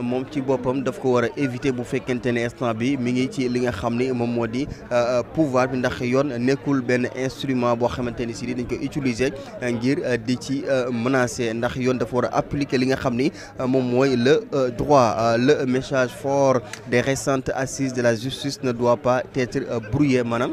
Mon ci bopam daf ko wara éviter bu fekkente ne instant bi mi ngi ci li nga xamni mom modi euh, euh, pouvoir bi ndax yone nekul ben instrument bo xamante ni si dañ ko utiliser ngir euh, di ci menacer ndax yone daf wara appliquer li nga xamni mom moy le droit le message fort des récentes assises de la justice ne doit pas être brouillé manam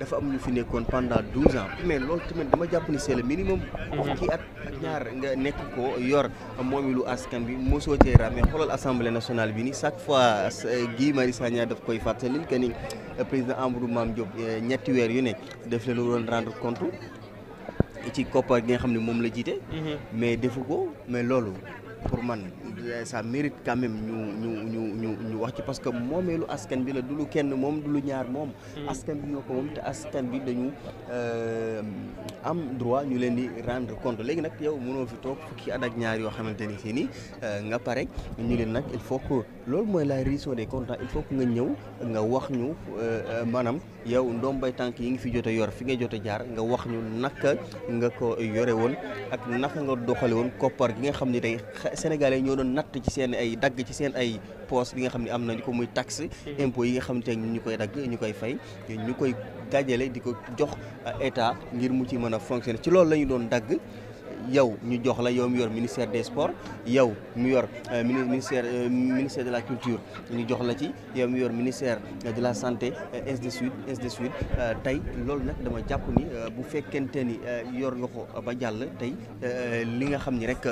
dafa am ñu fi nekkoon pendant douze ans mais loolu tamit dama jàpp ni c'est le minimum. Mhm. fukki at ak ñaar nga nekk ko yor moomi lu askan bi mosoo cee raam mais xoolal nationale bi ni chaque fois euh, Guy Marius Sagna daf koy fàttali que ni euh, président Amadou Mame Diop euh, ñetti weer yu ne daf leen doon rendre compte. ci koppar gi nga xam ne moom la jiite. Mhm. mais defu ko mais loolu pour man ça mérite quand même ñu ñu ñu ñu ñu wax ci parce que momelu askan bi la dulu kenn mom dulu ñaar mom hmm. askan bi ñoko mom moom te askan bi dañu euh am droit ñu leen di rendre compte légui nak yow mëno fi tok fukki at ak ñaar yoo xamante ni seeni euh, nga paré ñu leen nak il faut que lool moy la raison des comptes il faut que nga ñew nga wax ñu euh, euh, manam yow ndom bay tank yi ngi fi jot yor fi nga jot jaar nga wax ñu nak nga ko yoré won ak nak nga doxale won copar gi nga xamni ni sénégalais ñoo doon natt ci seen ay dagg ci seen ay poste bi nga xam ne am nañu ko muy taxe impo yi nga xam ne ñu koy dagg ñu koy fay ñu koy dajale di ko jox état ngir mu ci mën a fonctionner ci loolu la ñu doon dagg yow ñu jox la yow mu yor ministère des sports yow mu yor euh, ministère euh, ministère de la culture ñu jox la ci yow mu yor ministère de la santé euh, ainsi de suite ainsi de suite tey loolu nag dama jàpp ni bu fekkente ni yor nga ko ba jàll tey li nga xam ni rek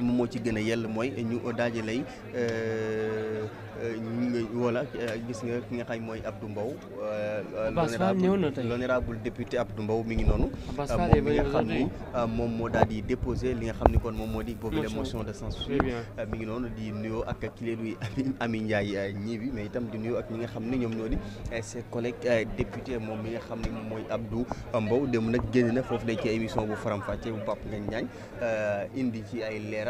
moom moo ci gën a yell mooy ñu daaje lay euh, euh, voilà gis nga ki nga xam mooy Abdou Mbow. Euh, Abass l'honorable député Abdou Mbow mi ngi noonu. Abass Fall moom mi nga xam ni moom moo daal di déposé li nga xam ni kon moom moo di. boobu la motion de censure mi ngi noonu di nuyoo ak ki leen di Ami Ndiaye ñii bi mais itam di nuyoo ak ñi nga xam ne ñoom ñoo di ses collègues député moom mi nga xam ne moom mooy Abdou Mbow dem nag génn na foofu la ci émission bu faram-fàccee bu Pape Ngagne Ndiaye indi ci ay leeral.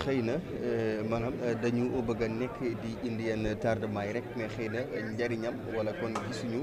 xëy na maanaam dañu bëgg a nekk di indi yenn tardement yi rek mais xëy na njëriñam wala kon gisuñu.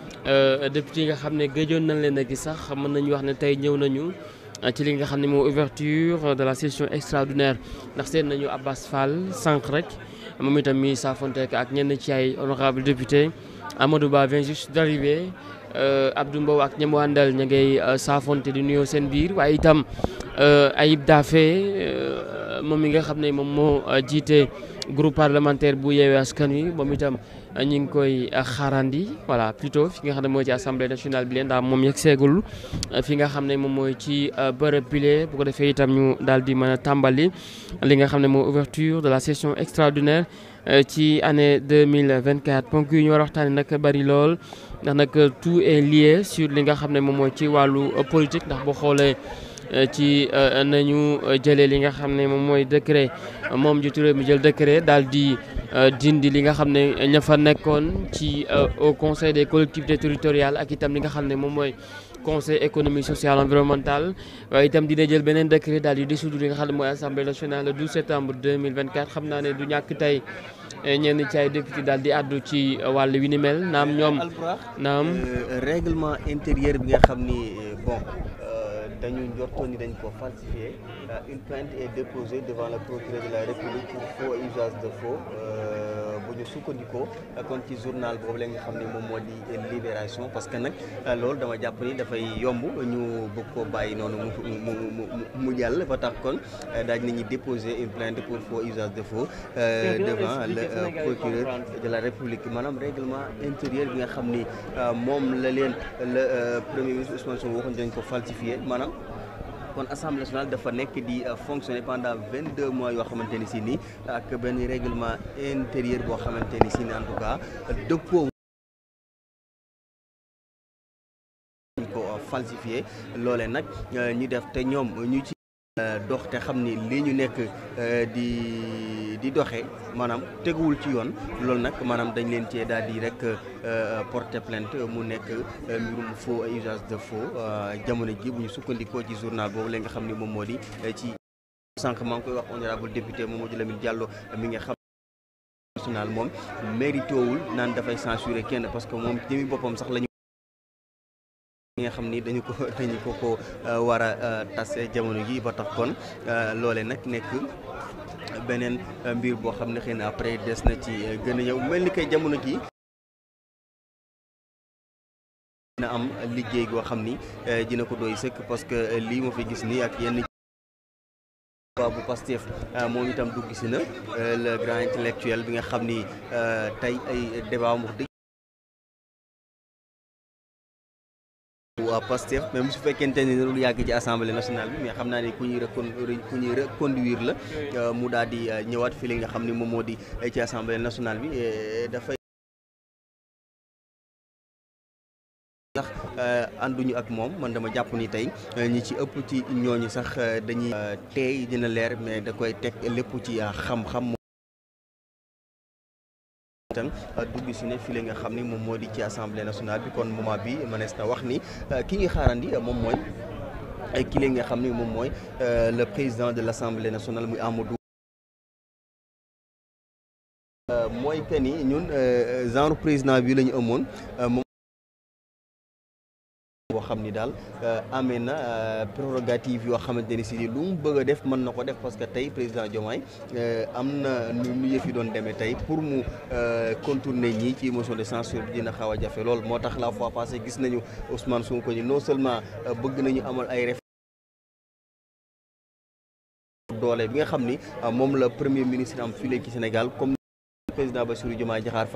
Euh, depuis yi nga xam ne gëjoon nañ leen a gis sax mën nañu wax ne tey ñëw nañu euh, ci li nga xam ne moo ouverture de la session extraordinaire ndax seen nañu Abbas Fall sànq rek moom itam mi saafonteek ak ñenn ci ay honorable député Amadou Ba vient juste d'arriver euh, Abdou Mbow ak ñam wàndal ña ngay saafonte di nuyoo seen biir waaye itam Ayib Daffé mom mi nga xamné mom mo euh, jité groupe parlementaire bu yewé askan wi moom itam euh, ñu ngi koy euh, xarandi voilà plutôt fi nga xamné ne ci assemblée nationale bi leen ndax moom yegg seegul fi nga xamné mom moy ci bërëb bile bu ko défé itam ñu daldi mëna tambali li nga xamné mo ouverture de la session extraordinaire ci année 2024 ponk ñu war waxtani nak bari lool ndax nag tout est lié sur li nga xamné mom moy ci walu politique ndax bu xolé euh, ci euh, nañu euh, jëlé li nga xamné mom moy décret mom ju touré mu jël décret daldi dindi li nga xamné ña fa nekkoon ci au conseil des collectivités territoriales ak itam li nga xamné mom moy conseil économique social environnemental way itam dina jël benen décret daldi di dissoudre li nga xamné moy assemblée nationale le 12 septembre 2024 xamna né du ñak tay ñenn ci ay député daal di ci walu wi ni mel naam ñom naam règlement intérieur bi nga xam bon euh, une plainte est déposée devant le procureur de la République pour faux usage de faux euh, ñu sukkandikoo kon ci journal boobu la nga xam ne moom moo di libération parce que nag euh, loolu dama jàpp ni dafay yomb ñu bëgg koo bàyyi noonu mu mu mu jàll ba tax kon euh, daaj nañu déposer une plainte pour faux usage de faux euh, devant le procureur de la république maanaam règlement intérieur bi nga xam ni la leen le premier ministre Ousmane Sonko waxoon dañ ko falsifié maanaam kon assemblée nationale dafa nekk di euh, fonctionner pendant vingt deux mois yoo xamante ne si nii ak benn réglement intérieur boo xamante ni si nii en tout cas dëppoo ko euh, loole nag euh, ñu def te ñoom ñu ci Euh, dox te xam ni lii ñu nekk euh, di di doxee maanaam teguwul ci yoon loolu nag maanaam dañ leen cee daal di rek euh, porter plainte mu nekk mbirum faux et usage de faux jamono ji bu ñu sukkandikoo ci journal boobu la nga xam ni moom moo di ci sànq maa ngi koy wax honorable député Mamadou Lamine Diallo mi nga xam national moom méritoowul naan dafay censurer kenn parce que moom jëmi boppam sax lañu ñi nga xam ni dañu ko dañu ko ko euh, war a euh, tase jamono gi ba tax kon euh, loole nag nekk beneen mbir boo xam ne xëy na après des na ci gën a ñëw mel ni kay jamono gi dina am liggéey goo xam ni dina ko doy sëkk parce que lii moo fi gis nii ak yenn waaw bu Pastef na xam waa Pastef même su fekkente ni lu yàgg ci assemblée nationale bi mais xam naa ne ku ñuy recon ku ñuy reconduire la euh, mu daal euh, ñëwaat fii li nga xam ne moom moo di euh, ci assemblée nationale bi dafay sax ak moom man dama jàpp ni tey ñi ci ëpp ci ñooñu sax dañuy teey dina leer mais da koy teg lépp ci xam-xam tam euh, dugg si ne fii la nga xam ni moom moo di ci assemblée nationale bi kon moment bi mënees na wax ni euh, ki ngi xaarandi euh, moom mooy ki la nga xam ni moom mooy le président de l'assemblée nationale muy Amadou mooy que genre président bi la ñu amoon xam ni daal euh, amee na euh, prérogative yoo xamante ne si lu mu bëgg a def man na ko def parce que tey président Diomaye euh, am na nu nu yëf yi doon demee tey pour mu contourner ñii ci motion de censure bi dina xaw a jafe lool moo tax la fois passée gis nañu Ousmane Sonko ni non seulement bëgg nañu amal ay doole bi nga xam ni moom la premier ministre am fii léegi ci Sénégal comme président Bassirou Diomaye Diakhar